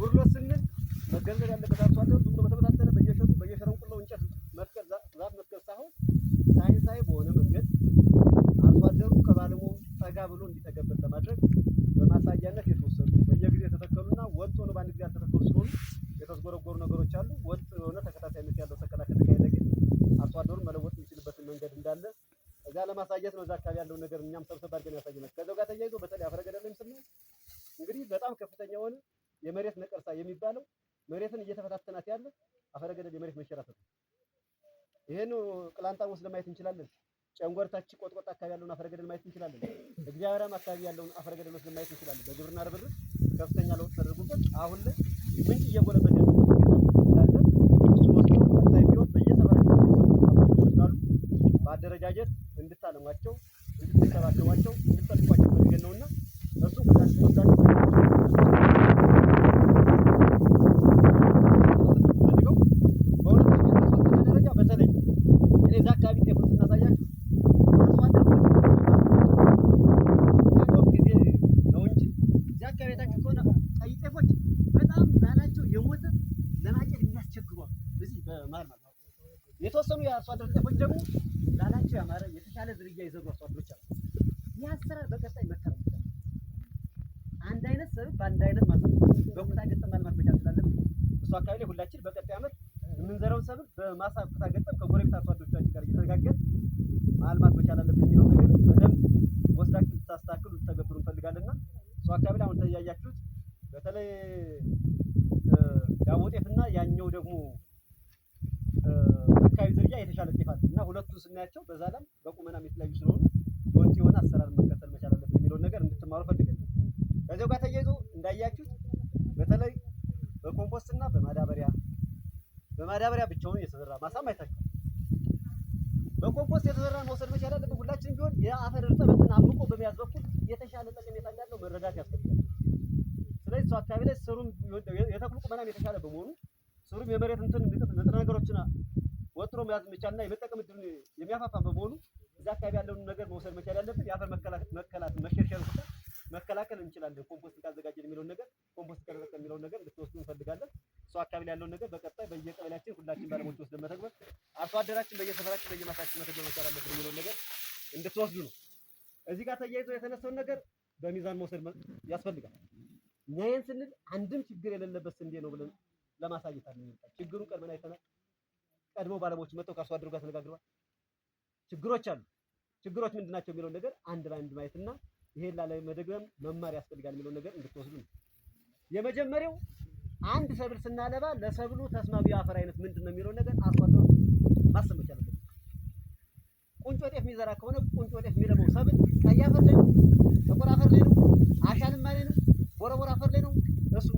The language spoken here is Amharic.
ጎድሎ ስንል መገንዘብ ያለበት አርሶ አደር ዝም ብሎ በተበታተነ በየሸቱ በየሸረንቁላው እንጨት መትከል ዛፍ መትከል ሳይሆን ሳይንሳዊ በሆነ መንገድ አርሶ አደሩ ከባለሙ ጠጋ ብሎ እንዲጠቀበት ለማድረግ በማሳያነት የተወሰዱ በየጊዜ የተተከሉና ወጥ ሆኖ በአንድ ጊዜ ያልተተከሉ ስለሆኑ የተዝጎረጎሩ ነገሮች አሉ። ወጥ የሆነ ተከታታይነት ያለው ተከላ ከተካሄደ ግን አርሶ አደሩን መለወጥ የሚችልበትን መንገድ እንዳለ እዛ ለማሳየት ነው። እዛ አካባቢ ያለውን ነገር እኛም ሰብሰብ አድርገን ያሳየናል። ከዛው ጋር ተያይዞ በተለይ አፈር ገደል ላይ እንግዲህ በጣም ከፍተኛ የሆነ የመሬት ነቀርሳ የሚባለው መሬትን እየተፈታተናት ያለ አፈረ ገደል የመሬት መንሸራተት ነው። ይሄን ቅላንጣን ወስደን ማየት እንችላለን። ጨንጎርታች ቆጥቆጣ አካባቢ ያለውን አፈረ ገደል ማየት እንችላለን። እግዚአብሔርም አካባቢ ያለውን አፈረ ገደል ወስደን ማየት እንችላለን። በግብርና ርብርብ ከፍተኛ ለውጥ ተደርጎበት አሁን ላይ ምንጭ እየጎለበት ያለ በአደረጃጀት እንድታለሟቸው፣ እንድትከባከቧቸው፣ እንድትጠልቋቸው የተወሰኑ የአርሶ አደር ጤፎች ደግሞ ላላቸው ያማረ የተሻለ ዝርያ የዘሩ አርሶ አደሮች አሉ። ይህ አሰራር በቀጣይ መከረም አንድ አይነት ሰብል በአንድ አይነት ማለት በኩታ ገጠም ማልማት መቻል ስላለብን እሱ አካባቢ ላይ ሁላችን በቀጣይ ዓመት የምንዘራውን ሰብል በማሳ ኩታ ገጠም ከጎረቤት አርሶ አደሮቻችን ጋር እየተነጋገርን ማልማት መቻል አለብን የሚለው ነገር በደንብ ወስዳችሁ ልታስተካክሉ ልትተገብሩ እንፈልጋለንና እሱ አካባቢ ላይ አሁን ተያያችሁት በተለይ ዳቦ ጤፍና ያኛው ደግሞ በአካባቢ ደረጃ የተሻለ ጤፍ አለ እና ሁለቱን ስናያቸው በዛ ላይ በቁመናም የተለያዩ ስለሆኑ ወጥ የሆነ አሰራር መከተል መቻል አለብን የሚለውን ነገር እንድትማሩ ፈልጋለሁ። ከዚያው ጋር ተያይዞ እንዳያችሁት በተለይ በኮምፖስት እና በማዳበሪያ በማዳበሪያ ብቻውን የተዘራ ማሳም አይታችኋል። በኮምፖስት የተዘራ መውሰድ መቻል አለብን። ሁላችንም ቢሆን የአፈር እርጥበትን አምቆ በመያዝ በኩል የተሻለ ጠቀሜታ እንዳለው መረዳት ያስፈልጋል። ስለዚህ እሱ አካባቢ ላይ ስሩም የተክሉ ቁመናም የተሻለ በመሆኑ ስሩም የመሬት እንትን ንጥረ ነገሮችን ወጥሮ መያዝ መቻልና የመጠቀም የሚያፋፋ በመሆኑ እዛ አካባቢ ያለውን ነገር መውሰድ መቻል ያለብን የአፈር መከላከል መሸርሸር መከላከል እንችላለን። ኮምፖስት ካዘጋጀን የሚለውን ነገር ኮምፖስት ከደረሰ የሚለውን ነገር እንድትወስዱ እንፈልጋለን። እሱ አካባቢ ላይ ያለውን ነገር በቀጣይ በየቀበሌያችን ሁላችን ባለሞች ወስደን መተግበር አርሶ አደራችን በየሰፈራችን በየማሳችን መተግበር መቻል አለብን የሚለውን ነገር እንድትወስዱ ነው። እዚህ ጋር ተያይዞ የተነሳውን ነገር በሚዛን መውሰድ ያስፈልጋል። እኛ ይህን ስንል አንድም ችግር የሌለበት ስንዴ ነው ብለን ለማሳየት አለ። ችግሩ ቀድመን አይተናል። ቀድሞ ባለሙያዎች መጥተው ከአርሶ አደሩ ጋር ተነጋግረዋል። ችግሮች አሉ። ችግሮች ምንድን ናቸው የሚለውን ነገር አንድ በአንድ ማየትና ይሄን ላለመደገም መማር ያስፈልጋል የሚለውን ነገር እንድትወስዱ ነው። የመጀመሪያው አንድ ሰብል ስናለባ ለሰብሉ ተስማሚ አፈር አይነት ምንድን ነው የሚለውን ነገር አርሶ አደሩ ማሰብ መቻል አለበት። ቁንጮ ጤፍ የሚዘራ ከሆነ ቁንጮ ጤፍ የሚለማው ሰብል ቀይ አፈር ላይ ነው፣ ጥቁር አፈር ላይ ነው፣ አሻልማ ላይ ነው፣ ቦረቦር አፈር ላይ ነው። እሱ